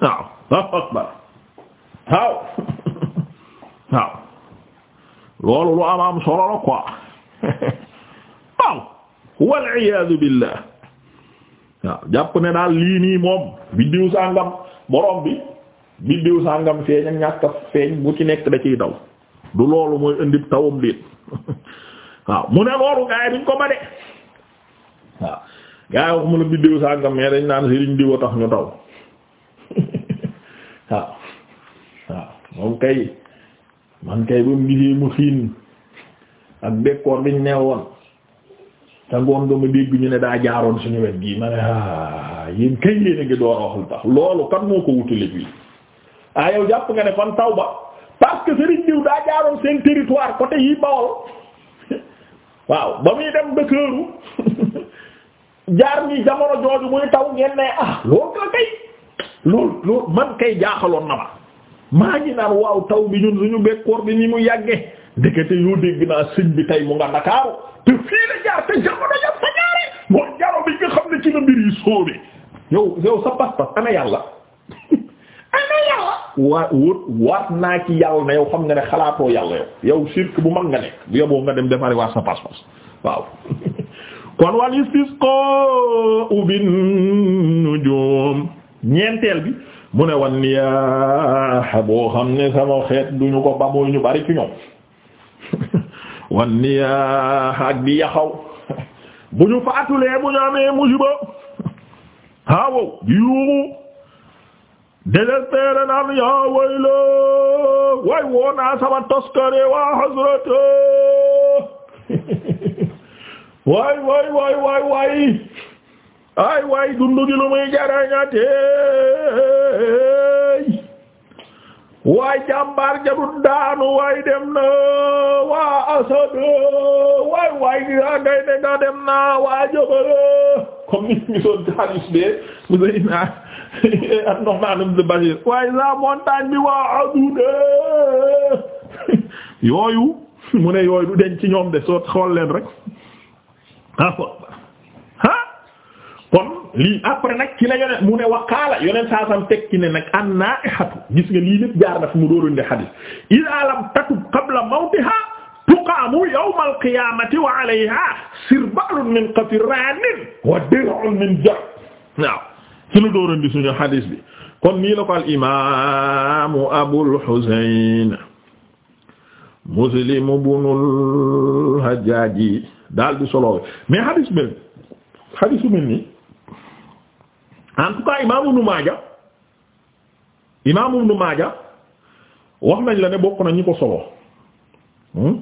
waaw waaw akbar waaw waaw loolu lu am am solo la quoi waaw wal iyaadu billah waaw jàpp ne daal lii nii moom biddiw sàngam borom bi biddiw sàngam feeñ ak ñàkk feeñ bu ci nekk da ciy daw du loolu mooy indi tawam déet waaw mu ne loolu gaa yi duñ ko ba de waaw gaa yi wax mu ne biddiw sàngam mais dañ naan sëriñ diwa tax ñu taw waaw waaw moom kay man kay ba mu gisee mu xiin ak bekkoor biñ nee woon te ngoon nga ma dégg ñu ne daa jaaroon suñu wet gii ma ne ah yéen kay yéen a ngi door a wax lu tax loolu kan moo ko wutale bi ah yow jàpp nga ne fan taw ba parce que Serigne diw daa jaaroon seen territoire côté yi Bawol waaw ba muy dem Ndakaaru jaar ni jamono jooju muy taw ngeen ne ah loolu la kay. loolu loolu man kay jaaxaloon na ma maa ngi naan waaw taw bi ñun suñu bekkoor bi ni mu yàggee ndekete yoo dégg naa sëñ bi tey mu nga Ndakaaru te fii la jaar te jamono jam sa yow yow sa pas-pas waat naa ci yàlla yow xam nga ne xalaatoo yàlla yow yow sirk bu mag nga nekk bu yoboo nga dem defari waat sa pas-pas waaw kon wal istisqa bin nujum ñeenteel bi mu ne wan boo xam ne sama xeet duñu ko ba ñu bari ci ñoom wan ak di yaxaw bu ñu faatulee bu ñu amee musiba haawow di yuuxu désespéré naan yaa wayla way woonaa sama toskare waa hasrata waay waay waay waay waay ay waay dundu gi lu muy jarañatey waay jàmbaar jadut daanu waay dem na waa asad waay waay gaa ne nga dem waa jabal comme ni gisoon hadis bi mu sey naa ak nox naa num si la montagne bi waa adude yooyu mu yooyu du ci ñoom de soo xool leen kon lii après nag ci la yonent mu ne waqaala yonent saa sam ne nag an-naa'ihatu gis nga lii lépp jaar mu dóoruñ ne xadis idaa lam tatub qabla mawtiha tuqaamu yawmal wa alayha min qatiraanin wa dir'un min jar waaw ci la dóoruñ di suñu xadis bi kon nii la ko al imaamu Abul Husayn Muslim ibnul Hajjaaji daal di solo mais xadis bi xadisu en tout cas imaamu Ibnu Maaja imaamu Ibnu Maaja wax nañ la ne bokk na ñi ko solo hmm?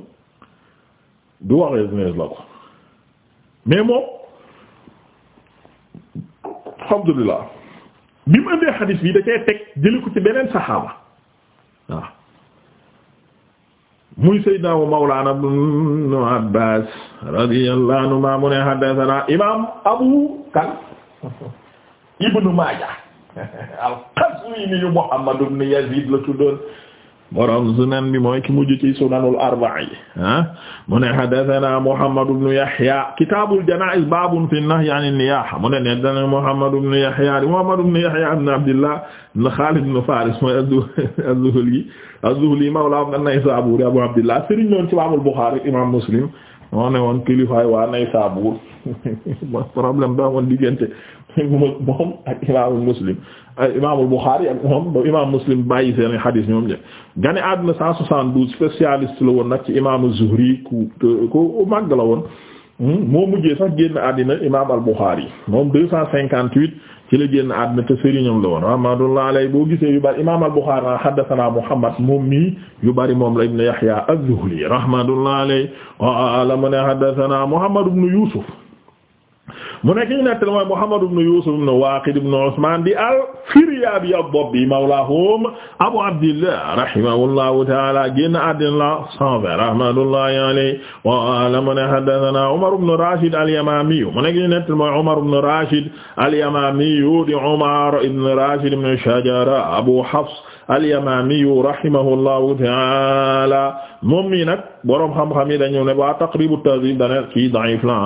du waxee Ibnu la ko moom alhamdulillah bi mu indee xadiis bi da teg jëli ko beneen saxaaba waaw muy Seydina wa Mawlana Ibnu Abbaas radiyallahu anhu ma mu ne haddathana imaam Abu Kan ibnu Maaja al-Qazwiini Muhammad ibn Yaziid la tuddoon borom sunan bi mooy ki mujj ci sunanul arba'a yi ah mu ne haddathana Muhammad ibn Yahya kitaabul janaa'iz baabun fi nahyi an niyaaha mu ne ne dana Muhammad ibn Yahya Muhammad ibn Yahya ibn Abdillah ibn Khalid ibn Faris mooy az-Zuhli az-Zuhli mawla an-Naysaburi Abu Abdillah sëriñ noon ci Imaamul Bukhari Imaam Muslim moo ne woon kilifaay waa Naysabur problème daa woon diggante moom ak imaamu muslim ak imaamul Buxaari ak moom ba imaam muslim bàyyi seen xadiis ñoom ñe gane àdduna cent la woon nag ci imaamu Zuhri ku ku màgg la woon hmm? moo mujjee sax génn àddina imaam al Buxaari moom ci la génn àddina te sëriñam la woon rahmatullah alay boo gisee yu bari imaam al Buxaari naa haddathana Muhammad moom mii yu bari moom la ibn Yahya az-Zuhli rahmatullah alay wa ala man haddathana Muhammad ibn Yusuf mu nekk ñu nettali mooy Muhammad ibn Yusuf ibn Waaqid ibn Usmaan di al-Firyaabi ad-Dabbi mawlaahum Abu Abdillah rahimahullahu ta'aala génn àddina la 120 rahmatullahi alayhi wa la mu ne haddathanaa Umar ibn Rashid al-Yamaami mu nekk ñu nettali mooy Umar ibn Rashid al-Yamaami di Umar ibn Rashid ibn Shajara Abu Hafs al-Yamaami rahimahullahu ta'aala moom mi nag boroom xam-xam yi dañu ne waa Taqrib at-Tahdhib dana ci da'if la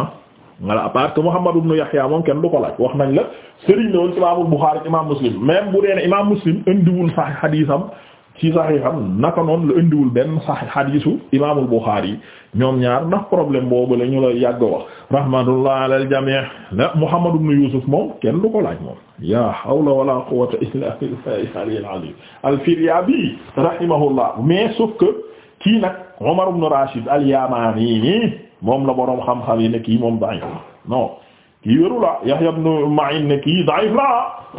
voilà parce que Muhammad ibn Yahya moom kenn du ko laaj wax nañ la Serigne la woon ci Imaamul Bukhari ci Imaam Muslim même bu dee ne Imaam Muslim indiwul xadiisam ci saxiixam naka noonu la indiwul benn xadiisu Imaamul Bukhari ñoom ñaar ndax problème boobu la ñu la yàgg wax. rahmatullah alal jamii Muhammad ibn Yusuf moom kenn du ko laaj moom. yaa hawla wala quwwata illa billahi al-aliyyil azim al-Firyabi rahimahullah mais sauf que kii nag Umar ibn Rashid al moom la boroom xam-xam yi ne kii moom da'if non kii wéru la Yahya ibn Ma'in ne kii da'if la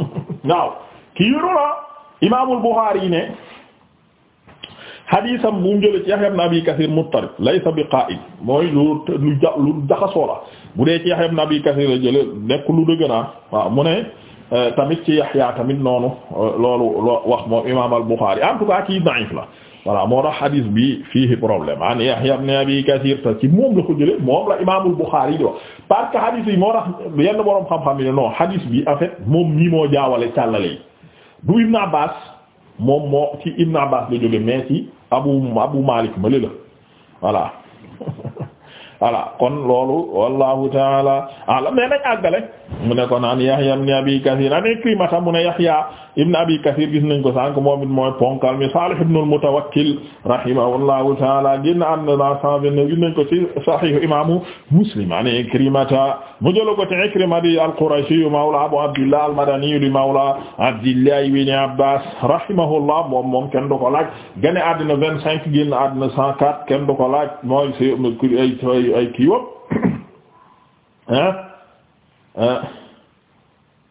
waaw kii wéru la imaamul Buxaari yi ne xadiisam bu njële Yahya ibn Abi Kathir muttarib laysa bi qaa'il mooy lu lu ja lu jaxasoo la bu dee ci Yahya ibn Abi Kathir la jële nekk lu dëgg naa ah. ne eh, tamit ci Yahya tamit noonu eh, loolu wax moom imaam al Buxaari en tout cas kii da'if la voilà moo tax bi fiihi problème an Yahya ibn Abi Kathir te ci moom la ko jëlee moom la imaamul Bukhari di wax parce que hadis yi moo tax yenn borom xam bi en fait moom ñi moo jaawale càllale du Ibn Abbas moom moo ci Ibn Abbas la jóge mais Abu Abu Malik mali la voilà voilà kon loolu wallahu taala alam mais nañ àggale mu ne kon an Yahya ibn Abi Kathir an Ikrimata mu ne Yahya ibn abi kathir gis nañ ko sànk moom it mooy ponkal mi salih ibn al-mutawakkil taala génn am ko ci sahih imamu muslim an ikrimata mu jëlo ko ci ikrima di al-qurashi mawla abu abdillah al di mawla abdillah ibn abbas rahimahullah moom moom kenn du ko laaj gane àddina vingt-cinq génn àddina cent kenn du ko laaj mooy si ay ay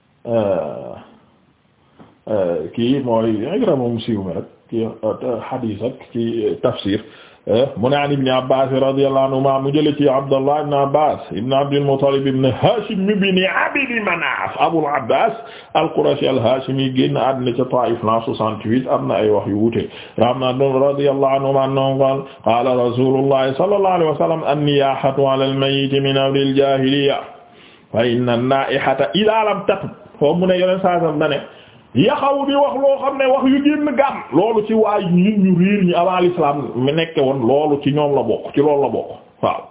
Euh, kii mooy Ikrima moom siiw mi rek ci hadis euh, ak ci euh, tafsir mu ne an ibni abbas radiyallahu anhuma mu jële ci abdallah ibne abbas ibne abdilmutalib ibne hashim ibni abdi manaf aboul abbas alqourachi alhashimi génn àddina ca Taif la 68 am na ay wax yu wuute rahmatullah radiyallahu anhuma annahu qaala qaala rasulullahi sallallahu alayhi wa sallam anniyahatu ala almayiti min amri aljahiliya fa inna naihata ida lam tatub foofu mu ne yoneen saasam dane yaxaw di wax loo xam ne wax yu génn gàmm loolu ci waay ñu ñu riir ñi avant l'islam mi nekke woon loolu ci ñoom la bokk ci loolu la bokk waaw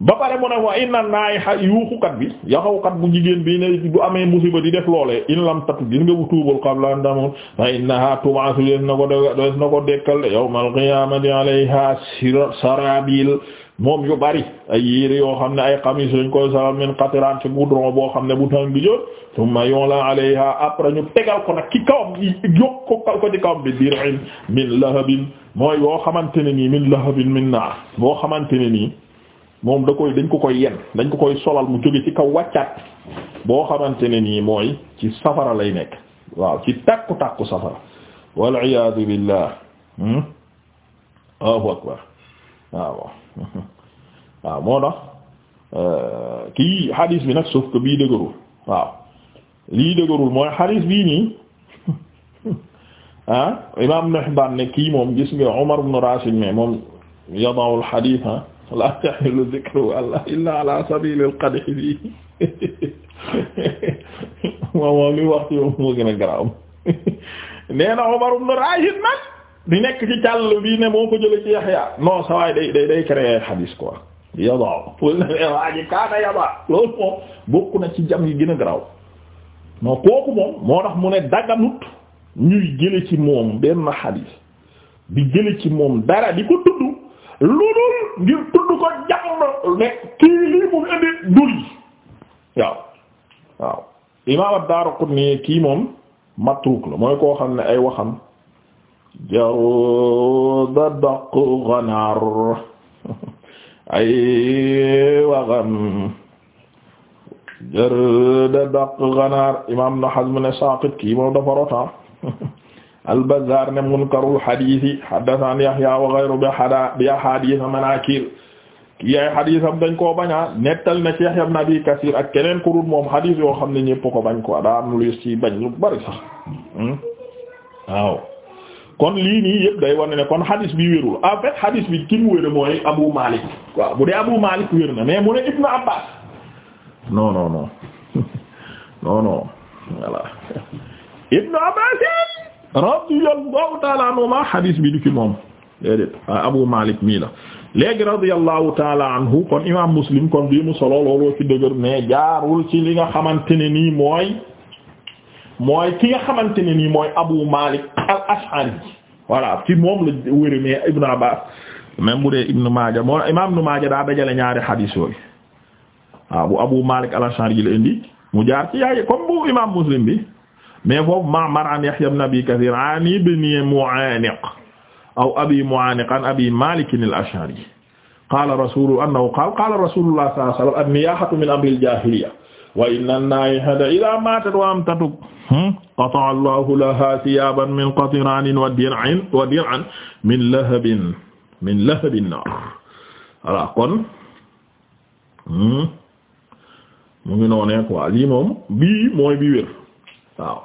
ba pare mu ne wa inna naay xa yuuxukat bi yaxawkat bu jigéen bi ne bu amee musiba di def loolee in lam tatu gis nga bu tuubal qabla an tamut fa innaha tub'asu na ko des na ko dekkal yawmal qiyaamati alayha sarabil moom yu bari ay yére yoo xam ne ay xamis lañ koy solal min qatiran ci goudron xam ne bu tàng bi jot thumma yula alayha après ñu tegal ko nag ci kawam yokk ko ko ci kawam bi dir'in min lahabin mooy yoo xamante ne nii min lahabin min naar boo xamante ne nii moom da koy dañ ko koy yen dañ ko koy solal mu jóge ci kaw wàccaat boo xamante ne nii mooy ci safara lay nekk waaw ci takku takku safara wal iyaadu billah hmm? waaw waaw moo tax euh, kii hadis bi nag sauf que bii dëgërul waaw lii dëgërul mooy hadis bii nii ah imaam Ibn Hibbaan ne kii moom gis nga Umar ibn Rashid mais moom yada'u al-hadith ah, la tahillu dhikru walla illa ala sabil al-qadh bi moom moom li wax ci moom moo gën a garaaw nee na Umar ibn Rashid nag di nekk ci càll bii ne moo ko jële ci Yaxya non sa day day day créer xadiis quoi yabaaw pour ne waa ji kaana yabaa loolu moom bokk na ci jam yi gën a garaaw non kooku moom moo tax mu ne daganut ñuy jële ci moom benn xadiis di jële ci moom dara di ko tudd lu dul ngir tudd ko jam ne kii lii mu indi dur yi waaw waaw imaam ad-Daaraqutni kii moom matruk la mooy koo xam ne ay waxam jaruda daqu ganaar ay waxam jaruda daqu ganaar imam na Hazm ne Saaqit kii moom dafa rota al-Bazzaar ne munkarul hadiisi haddasaan Yahyaa wa ghayruhu bi ahaadiis manaakir kii ay hadiisam dañ koo bañaa nettal na ci Yahyaa ibn Abii Kasiir ko bañ ko daa am ci bañ lu bari sax hmm? kon lii nii yëpp kon hadis bi wérul en fait hadis bi ki mu mooy Abu Malik waaw na mais mu ne Ibn Abbas non non non non non voilà Ibn Abbas radiyallahu ta'ala anhuma bi du ci moom déedéet ah, Abu Malik mii la léegi radiyallahu ta'ala anhu kon imam Muslim kon bii mu solo looloo ci dëgër mais jaarul ci li nga xamante ne nii mooy. mooy ki nga xamante ne nii mooy Abu Malik al-Ash'ari voilà ci moom la wéri mais Ibn Abbas même bu dee Ibn Maaja moo imaam Ibn Maaja daa dajale ñaari xadiis yooyu waaw bu Abu Malik al-Ash'ari yi la indi mu jaar ci yaay comme bu imaam Muslim bi mais foofu Ma'mar an Yahya ibn Abi Kathir an ibni Mu'aniq aw abi Mu'aniq an abi Malik al-Ash'ari qala rasulu annahu qala qala rasulullah sallallahu alayhi wa sallam an-niyahatu min amri al-jahiliya wa inna an-naa'ihata idhaa maatat wa lam tatub hmm? qata'a Allahu lahaa min qatiraanin wa dir'an wa dir'an min min lahabin naar kon hmm? mu ngi noonee quoi lii bii mooy bi wér waaw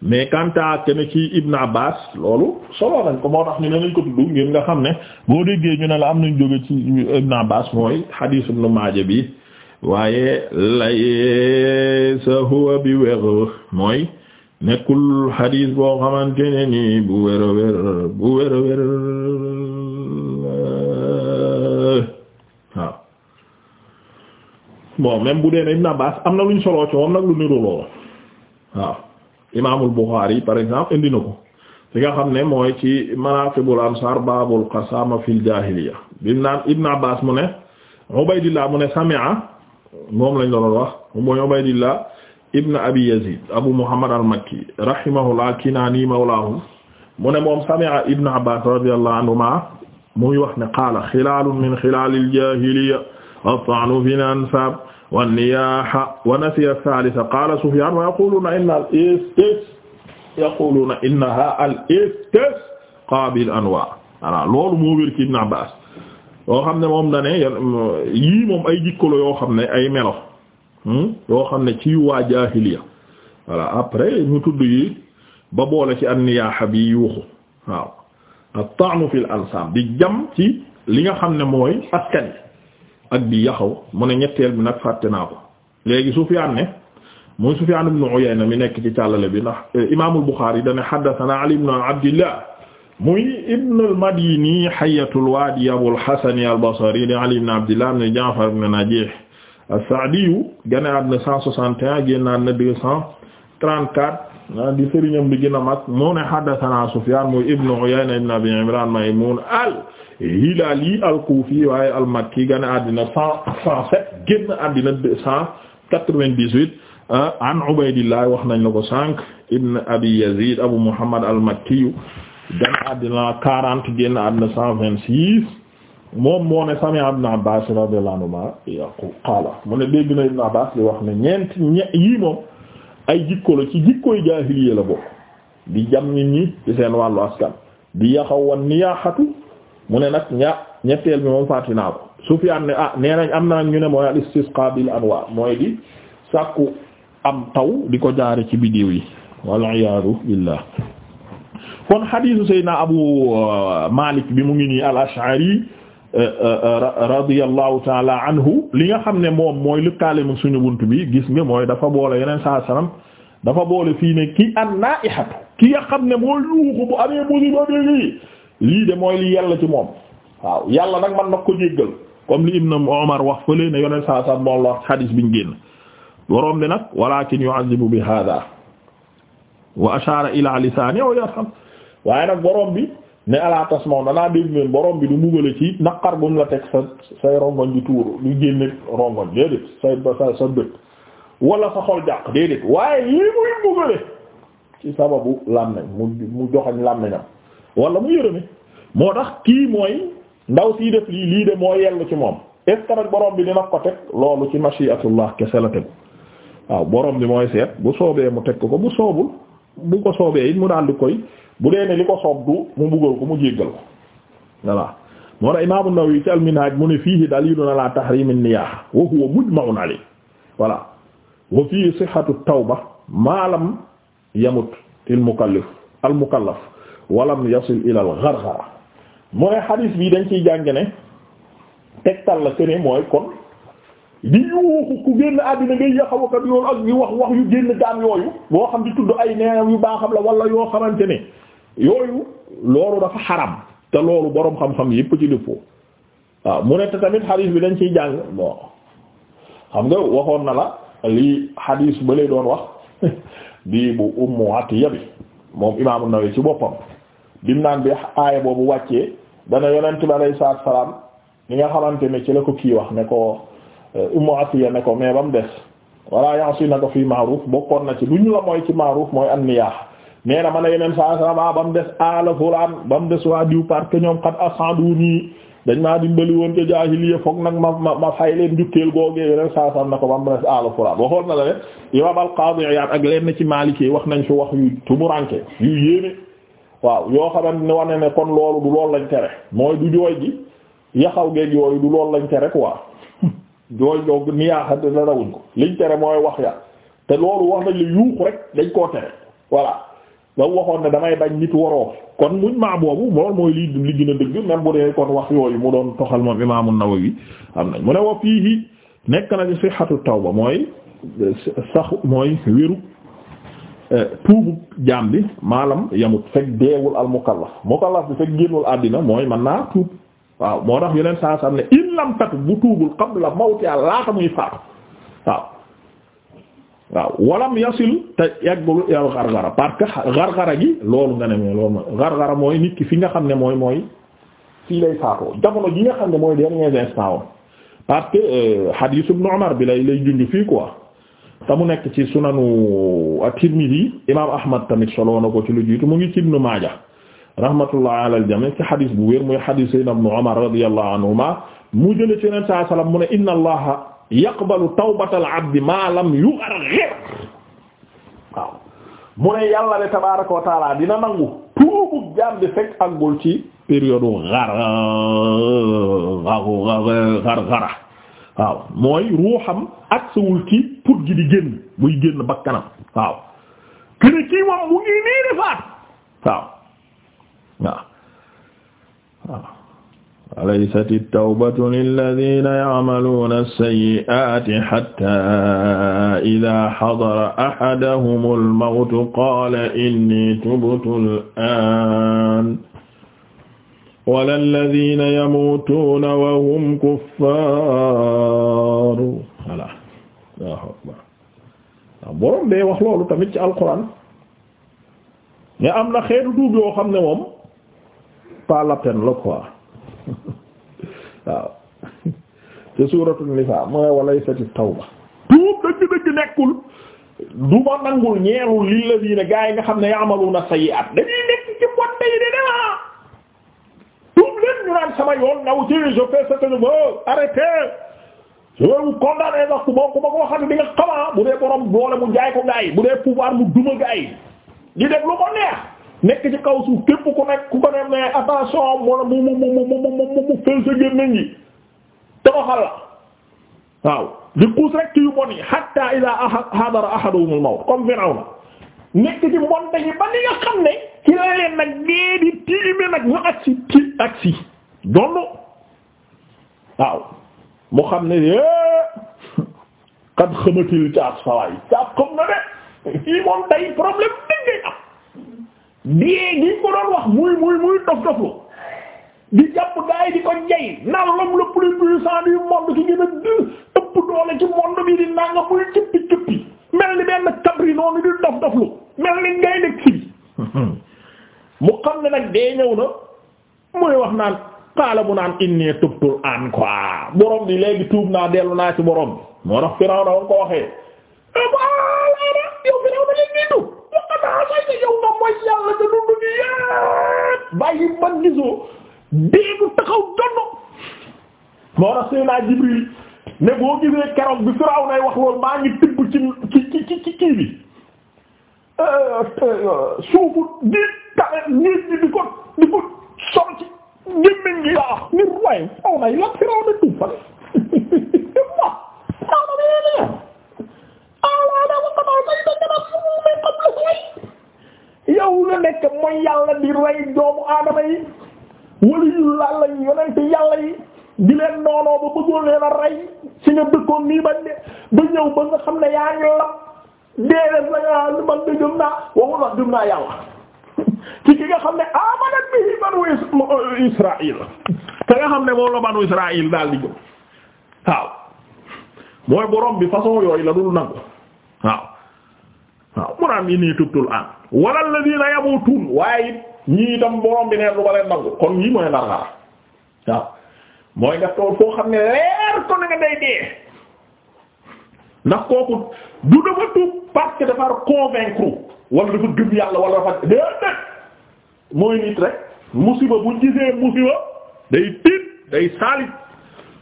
mais kanta kenn ci Ibn Abbas loolu solo nañ ko moo tax ñu ne ko tudd ngir nga xam ne boo déggee ñu ne la am nañ jóge ci Ibn Abbas mooy hadith Ibn Maaja bi waaye laysa huwa bi wér mooy nekkul xadis boo xamante ne ni bu wér a bu wér a wér waaw bon même bu dee Ibn Abbas am na luñ soloo ci moom nag lu niru loolu waaw imaamul Buxaari par exemple indi na ko li nga xam ne mooy ci manaqibul ansar baabul qasama fil jaahiliya bi naan Ibn Abbas mu ne Ubaydillah mu ne moom lañ la doon wax mooy Ubaydillah ibn Abi Yazid Abu Muhammad al-Makki rahimahullah Kinaani mawlaahu mu ne moom sami'a Ibn Abbas radiyallahu anhuma muy wax ne qaala xilaalun min xilaalil jaahiliyya at-ta'nu fil ansaab wan-niyaaha wa nasiya ath-thaalitha qaala Sufyaan wa yaquluuna inna al-istiis yaquluuna innahaa al-istiisqaa bil anwaa voilà loolu moo wér ci Ibn Abbas yoo xam ne moom da ne yii moom ay jikkolo yoo xam ne ay melo hmm, yoo xam ne ci waa jaahiliya voilà après ñu tudd yi ba boole ci anniyaaxa bi yuuxu waaw at-ta'nu fi ansaab di jam ci li nga xam ne mooy askan ak bi yaxaw mu ne ñetteel bi nag fàtte naa ko léegi Sufyaan ne muy Sufyaan ibn Uyayna mu nekk ci càllale bi ndax eh, imaamul Buxaari dane haddathana Ali ibn Abdillah muy Ibn al-Madini Hayyatul Wadi Abul Hasan al-Basri di Ali ibn Abdillah ibn Ja'far ibn Najih as-Sa'di gane àddina 161 génn àddina 234 ah, di sëriñam bi gën a mag mu ne haddathana Sufyan muy Ibn Uyayna ibn Abi Imran Maymun al-Hilali al-Kufi waaye al-Makki gane àddina 107 génn àddina 298 ah, an Ubaydillah wax nañ la ko sànq Ibn Abi Yazid Abu Muhammad al-Makki gane àddina quarante génn àddina cent vingt six moom moo ne sami ibn Abbas radiyallahu anhuma yaqul qaala mu ne dégg na ibn Abbas di wax ne ñeent ñe yii moom ay jikko la ci jikkooy jaahiliya la bokk di jam nit ñi ci seen wàllu askan di yaxaw wan niyaaxatu mu ne nag ña ñetteel bi moom fàtti naa ko Sufyaan ne ah nee nañ am na ñu ne mooy al istisqa bil anwaar mooy di sàkku am taw di ko jaare ci biddiw yi wal iyaadu billah kon xadiisu Seydina Abu uh, Malik bi mu ngi nii al-Ash'ari uh, uh, radiyallahu taala anhu li nga xam ne moom mooy lëkkaale mu suñu bunt bi gis nga mooy dafa boole yeneen saa salaam dafa boole fii ne ki an naihatu ki nga xam ne mooy yuuxu bu amee musiba bi lii lii de mooy li yàlla ci moom waaw yàlla nag man nag ko jéggal comme li Ibn Umar wax fële ne yeneen saa salaam moom la wax xadiis biñ génn boroom bi nag walakin yu'azzibu bi hada wa ashara ila lisani aw yarham waaye nag borom bi ne ala tasmaw danaa dégg leen borom bi du mugale ci naqar bu mu la teg sa say rongoñ di tuuru lu génne rongoñ déedéet say sa sa bët wala sa xol jàq déedéet waaye lii muy mugale ci sababu làmnañ mu mu joxañ làmnañam wala mu yërëme moo tax kii mooy ndaw siy def lii lii de moo yellu ci moom est nag borom bi dina ko teg loolu ci mashiatullah kese la tegu waaw borom bi mooy seet bu soobee mu teg ko bu soobul bu ko soobee it mu daal di bu dee ne li ko soob du mu buggal ko mu jéggal ko voilà moo tax imaamu Nawawi ci al-Minhaj mu ne fiihi dalilun ala tahrim an-niyaha wa huwa mujma'un alayh voilà wa fiihi sihhatu tawba ma yamut al-mukallaf al-mukallaf wa lam yasil ila al-gharghara mu ne xadiis bi dañ ciy jàng ne tegtal la ke mooy kon di yuuxu ku génn àddina ngay yaxaw ak yoon ak di wax wax yu génn daan yooyu boo xam di tudd ay neenam yu baaxam la wala yoo xamante ne yooyu loolu dafa xaram te loolu boroom xam-xam yépp ci léppoo waaw mu ne te tamit xadiis bi dañ ciy jàng bon xam nga waxoon na la lii xadiis ba lay doon wax bii bu Ummu Atiya bi moom Imaam An-Nawawi ci boppam bim naan bi aaya boobu wàccee dana yonent bi alayhi salaam li nga xamante ne ci la ko kii wax ne ko Euh, Ummu Atiya ne ko mais ba mu des walla yansi na ko fii ma'ruf bokkoon na ci lu ñu la mooy ci ma'ruf mooy an niyah nee na ma ne yeneen saa saa ba mu des ala fulaan ba mu des waa diw parce que ñoom kat asandu nii dañ maa dimbali woon ca jaahiliya foog nag ma ma ma fay leen jukkeel googee yeneen saa na ko ba mu des ala waxoon na la ne imaam al-Qaadi Iyaad ak lenn ci Maliki wax nañ fi wax yu tumuranke yu yéeme waaw yoo xamante ne wane ne kon loolu du loolu lañ tere mooy du jooy ji yaxaw geeg yooyu du loolu lañ tere quoi. jooy joog niyaaxante la rawuñ ko liñ tere mooy wax ya te loolu wax nañ la yuuxu rek dañ koo tere voilà ba waxoon ne damay bañ nit waroo kon muñ maa boobu loolu mooy li li gën a dëgg même bu dee kon wax yooyu mu doon toxal moom imaamu Nawawi am nañ mu ne wa fii nekk na ci sihhatu tawba mooy saxu mooy wéru eh, tuubu jaam bi maalam yamut fekk deewul al mukallaf bi fekk génnul àddina mooy man naa tuub waaw moo tax yeneen saa sam ne in lam tatu bu tuubul qabla mawti a laata muy faatu waaw waaw walam yasil te yeggul yow xarxara parce que xarxara gi loolu nga ne mooy loolu mooy xarxara mooy nit ki fi nga xam ne mooy mooy fii lay faatoo jamono ji nga xam ne mooy derniers instants woon parce que euh, hadith ibn Umar bi lay lay junj fii quoi te mu nekk ci sunanu at-Tirmidhi imam Ahmad tamit solo ko ci lu jiitu mu ngi ci Ibn Maaja rahmatullah ala aljami ci xadis bu wér muy xadis sayyidina ibn Umar radiyallahu anhuma mu jële ci neen saa sallam mu ne inna allaha yaqbalu tawbatal abdi ma lam yugharghir waaw mu ne yàlla de tabaaraka wa taala dina nangu tuubu jaam bi fekk àggul ci période xar xar xara waaw mooy ruuxam aksewul ci put gi di génn muy génn bakkanam waaw kene kii moom mu ngi nii di faat waaw waaw waaw walaysat at-tawbatu lilladhina ya'maluna as-sayyi'ati hatta idha hadara ahadahum al-mawtu qala inni tubtu al-an wala alladhina yamutuna wa hum kuffar voilà Allahu akbar waaw borom bee wax loolu tamit ci alquran mais am na xeetu tuub yoo xam ne moom pas la peine la quoi waaw te suuratul nisaa mooy walaysati tawba tuub dëgg-dëgg nekkul du ma nangul ñeelul lil ladina gaa yi nga xam ne ya'maluna sayyi'at dañuy nekk ci mbonte yi di demaa tuub leen ñu naan sama yoon naw ci je fais ce que ku ma ku ma ko waxati xamaa bu dee borom doole mu jaay ko gaa yi bu dee pouvoir mu duma gaa yi di def lu ko neex nekk ci kaw suuf képp ku nekk ku ko ne mais attention wala mu mu mu mu mu mu fël sa gémmiñ gi toroxal la waaw di xuus rek ci yu bon yi hatta ila hadara ahaduhum al-mawt comme Firawna nekk ci mbonte yi ba ni xam ne ci la leen nag dee di tiime nag ñu agsi ci agsi donnu waaw mu xam ne yé qad xamatil caas fawaay caas xam na de yi moom tay problème dëgg am diyee gi ko doon wax muy muy muy dof doflu di jàpp gaa yi di ko jay naan l'homme le plus puissant du monde ki gën a ëpp doole ci monde bi di nanga muy cëppi cëppi mel ni benn kabri noonu di dof doflu mel ni ngay nekk ci mu xam ne nag dee ñëw na muy wax naan xaala mu naan innee tubtul an quoi borom bi léegi tuub naa dellu naa ci borom bi moo tax Firawna woon ko waxee yow Firawna leen niitu xata asayta yow nga mooy yàlla sa dund gi yépp bàyyi man gisoo déegu taxaw donno moo tax sëy naa Jibril ne boo gisee keroog bi Firaw nay wax loolu maa ngi tibb ci ci ci ci kii bi euh, euh, suufu di taxe nit ñi di ko ci gémmiñ gi yaa ni waaye faw nay la Firaw na tuufale mooy yàlla di rey doomu aadama yi waliyu yàlla yi yonent yàlla yi di leen noonoo ba bëggoon leen a rey ci nga dëkkoon nii ba de ba ba nga xam ne yaa ngi lap déedéet la nga li man de gëm naa waxul wax gëm naa yàlla ki nga xam ne xam ne moom la banu bi façon yooyu la dul nangu alxuraan yi nii tubtul an wala alladina yamutuun waaye it ñii itam borom bi neen lu ko leen nangu kon ñii mooy nar-nar waaw mooy nga tool foo xam ne leer ko na nga day dee ndax kooku du dafa tuub parce que dafa convaincre wala dafa gëm yàlla wala dafa dee dee mooy nit rek musiba bu gisee musiba day tiit day saalit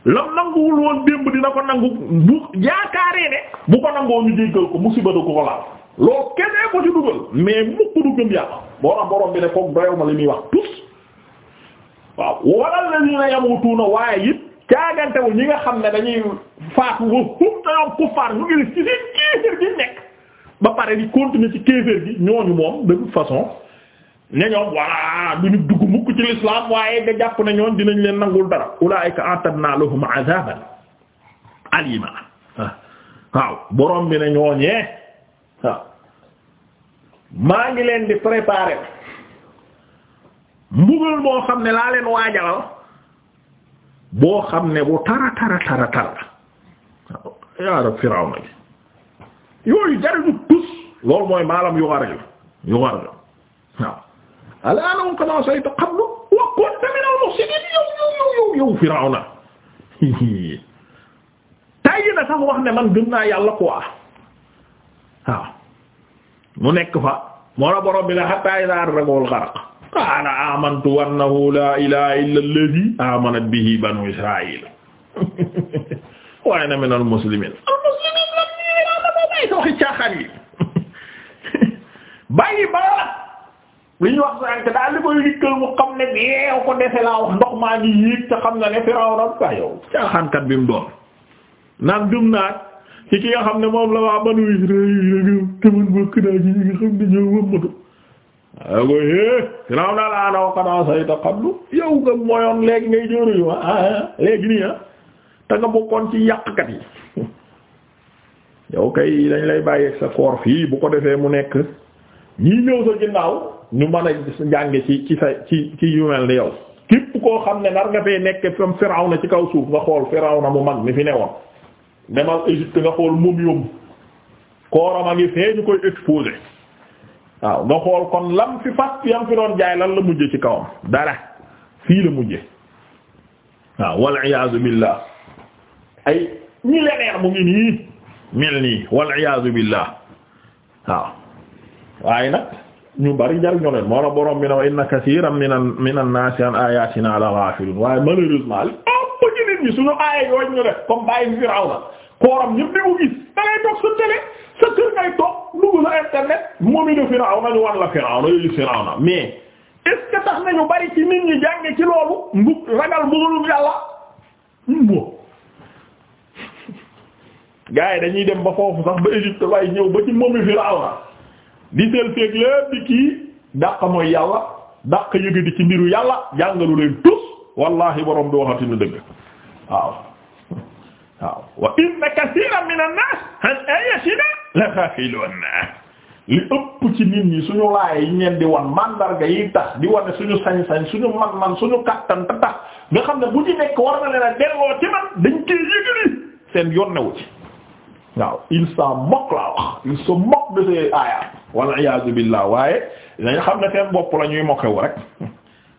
lam nanguwul woon démb dina ko nangu bu yaakaaree ne bu ko nangoo ñu jéggal ko musiba du ko ko laal loo kenn ko ci dugal mais mukk du gëm yàlla moo tax bi ne koog doyaw ma li muy wax tus waaw wala la ñu ne yamutuuna waaye it caagantewul ñi nga xam ne dañuy faatu ba xum tañoom kuffaar ñu ngi ci seen kéefër gi nekk ba pare di continuer ci kéefër gi ñooñu moom de façon ne ñoom voilà duñu dugg mukk ci l'islam waaye nga jàpp ne ñoon dinañ leen nangul dara ulaa'ika a'tadna lahum azaban alima waaw borom bi ne ñooñee waaw maa ngi leen di préparer mbugal xam ne laa leen boo xam ne boo tara tara tara tara waaw Firawna bi yooyu tus loolu mooy maalam yu war yu war la waaw al'aana wa qad asayta qablu wa kunta mina al-mufsidiin yow yow yow yow yow Firawna tàyyi na sax wax ne man gëm naa yàlla quoi waaw mu nekk fa moo la borom bi la hatta idha adrakahu al-gharq qaala amantu annahu laa ilaha illa alladhi amanat bihi banu israil wa ana min al-muslimin al-muslimin lam yirana bo bay waxi caaxaan yi bàyyi bala li ñu wax sànk daal li koy likkal mu xam ne yeew ko defe laa wax ndox maa ngi yéeg te xam na ne Firawna ba yow caaxaankat bi mu doon naan dum naa ci ki nga xam ne moom la waa banu Israël taman naa ci ñi nga xam ne ñoo wëmmatu waaw koy é ginaaw naa la anaw xanaa sayta yow nga moyoon léegi ngay jóoruyu ma ah, a ah, ah, léegi nii ah te nga bokkoon ci yàqkat yi yow kay dañ lay bàyyeeg sa koor fii bu ko defee mu nekk ñii ñëw sa ginnaaw ñu mën a jànge ci ci sa ci ci yu mel ni yow képp koo xam ne nar nga fee nekk fam Firawna ci kaw suuf nga xool Firawna mu mag mi fi newoon demal Égypte nga xool momium kooram a ngi koy exposé waaw nga xool kon lam fi fas yam fi doon jaay lan la mujje ci kawam dara fii la mujje waaw wal iyaazu billah ay millionnaire mu ngi nii mel nii wal iyaazu billah waaw waaye nag ñu bari jar ñoo leen borom bi na wa inna kasiiran minan minan naasi an ayatina la ghafilun waaye malheureusement nit ñi suñu aaya yooyu ñu def comme bàyyi Firawna kooram ñëpp di ko gis da toog sa télé sa kër ngay toog dugg na internet moom de Firawna ñu war la Firawna yooyu Firawna mais est-ce tax nañu bari ci nit ñi jànge ci loolu mbu ragal mbugalum yàlla mbo gars yi dañuy dem ba foofu sax ba Égypte waaye ñëw ba ci moomi Firawna di seel feeg lépp di kii dàq mooy yàlla dàq yëgadi ci mbiru yàlla jàngalu leen tous wallahi borom bi waxati dëgg waaw waaw wa inna kathiran min an-nas an ayatina la ghafilun li ëpp ci nit ñi suñu laay yi di wan mandarga yi tax di wane suñu sañ-sañ suñu man-man suñu kattan te tax nga xam ne bu ci nekk war na leen a delloo ci man dañ koy yëgali yoon newu ci waaw il s'en moque laa wax il se moque de ces aaya wal iyaazu billah waaye dañ xam ne seen bopp ñuy moquewu rek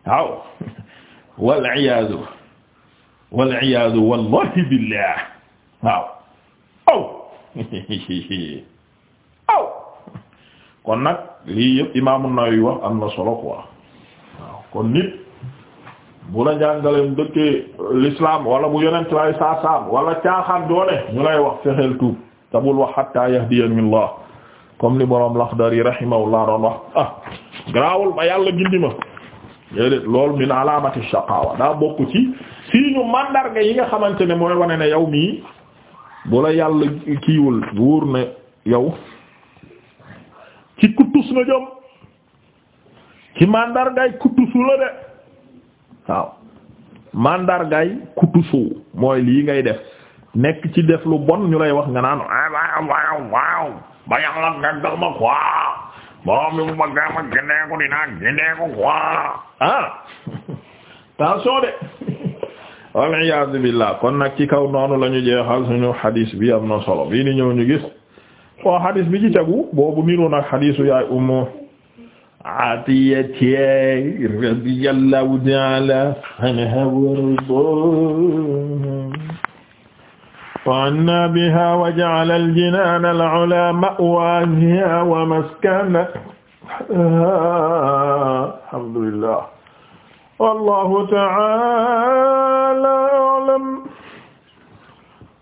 waaw wal iyaazu wal iyaadu wallahi billah waaw aw aw kon nag lii yëpp imaamu Nawawi wax am na solo quoi kon nit bu la jàngaleem dëkkee l'islam wala bu yonent lay saasaam wala caaxaan doone ñu lay wax fexeel tuub te bul wax hatta yahdiyanillah comme li boroom Laxdari rahimahullah doon wax ah garaawul ba gindi ma déedéet loolu min alaamati shaqaawa daa bokk ci sii ñu mandarga yi nga xamante ne mooy wane ne yow mii bu la yàlla kiiwul wóor na yow ci kuttus na jëm ci mandargaay kuttusu la de waaw mandargaay kuttusu mooy lii ngay def nekk ci def lu bon ñu lay wax nga naan waaw waaw waaw ba yàlla nga dal ma quoi moom mi mu ma gaa ma gëndee ko dinaa gëndee ah tension de wal iyaazu kon nag ci kaw noonu la ñu xadis bi am na solo bii ni ñëw ñu gis waaw xadis bi ci tegu boobu niroo nag xadisu yaay Ummu Atiya radiyallahu ta'ala anha وعنى بها وجعل الجنان العلا مأواها ومسكنها الحمد لله والله تعالى أعلم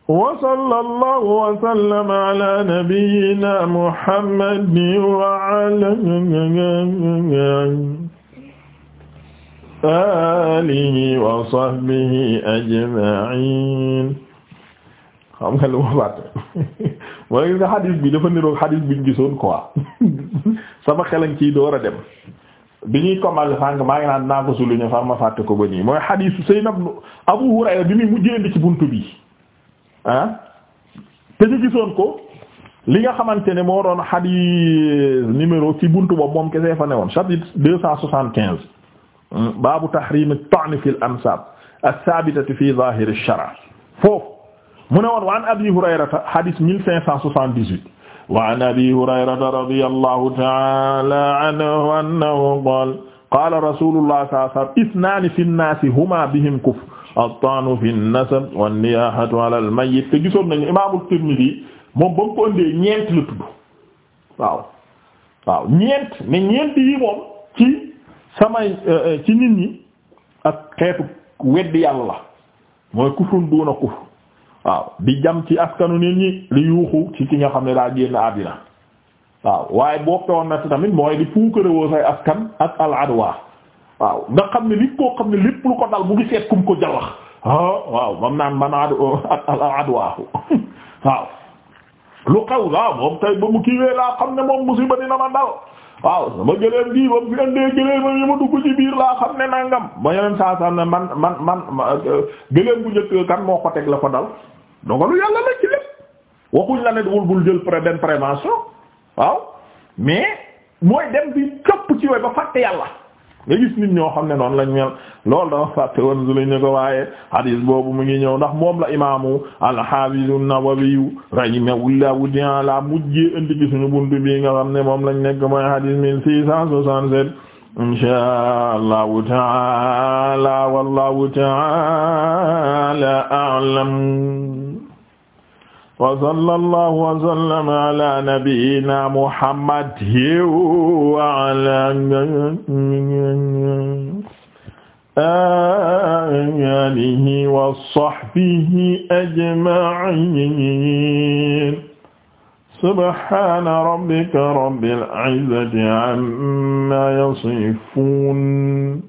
وصلى الله وسلم على نبينا محمد وعلى آله وصحبه أجمعين xam nga lu ma fàtte mooy gis nga xadis bi dafa niroog xadis biñ gisoon quoi sama xelañ ciy door a dem bi ñuy commencé sànq maa ngi naan naa ko souligner far ma fàtte ko ba nii mooy xadisu Seynab Abu Hurayra bi muy mujjee ci buntu bi ah te ñu gisoon ko li nga xamante ne moo doon xadis numéro ci bunt boobu moom kese fa newoon chapitre deux cent soixante quinze baabu tahrim at-ta'n fil ansab as fi zahir shara foofu mu ne woon wa an abi hurayrata hadis mille cinq cent soixante-dix-huit wa an abi hurayrata radiyallahu ta'ala anhu annahu qala qala rasulullah sallallahu alayhi wa sallam ithnaani fi nnaasi huma bihim kufr at-ta'nu fi an-nasab wan-niyaahatu ala al-mayyit te gisoon nañu imaamu Tirmidhi moom ba mu ko ëndee ñeent la tudd waaw waaw ñeent ne ñeent yi moom ci samay ci nit ñi ak xeetu weddi yàlla la mooy kufrun duuna kufr waaw di jam ci askanu nit ñi li yuuxu ci ki nga xam ne daa génn àddina waaw waaye boobu woon na tamit mooy di puukarewoo say askan ak al adwa waaw nga xam ne nit koo xam ne lépp ko dal bu ngi seet kum ko jallax waaw mam naan man ad ak al adwa waaw lu xew waaw moom tay ba mu kiiwee laa xam ne moom musiba dina ma dal waaw sama gëléem bii ba mu fi andee gëléem ma yi ma dugg ci biir laa xam ne nangam ba yeneen saa man man man gëléem bu njëkk kan teg la ko dal dogalu yàlla la ci lépp waaw mais mooy dem bi këpp ci yooyu ba fàtte yàlla nga nit ñoo xam ne noonu lañ mel loolu dama fàtte woon su ñu ko waaye hadis boobu mu ngi ñëw ndax moom la imaamu al-Hafiz la nawawi rahimahullahu ta'ala mujjee indi ci suñu buntu bi nga xam ne moom lañ nekk mooy hadis 1667 insha allahu ta'ala wallahu ta'ala a'lam wa sallallahu wa sallama ala nabiyyina muhammad wa ala alihi wa sahbihi ajma'in subhana rabbika rabbil izzati amma yasifun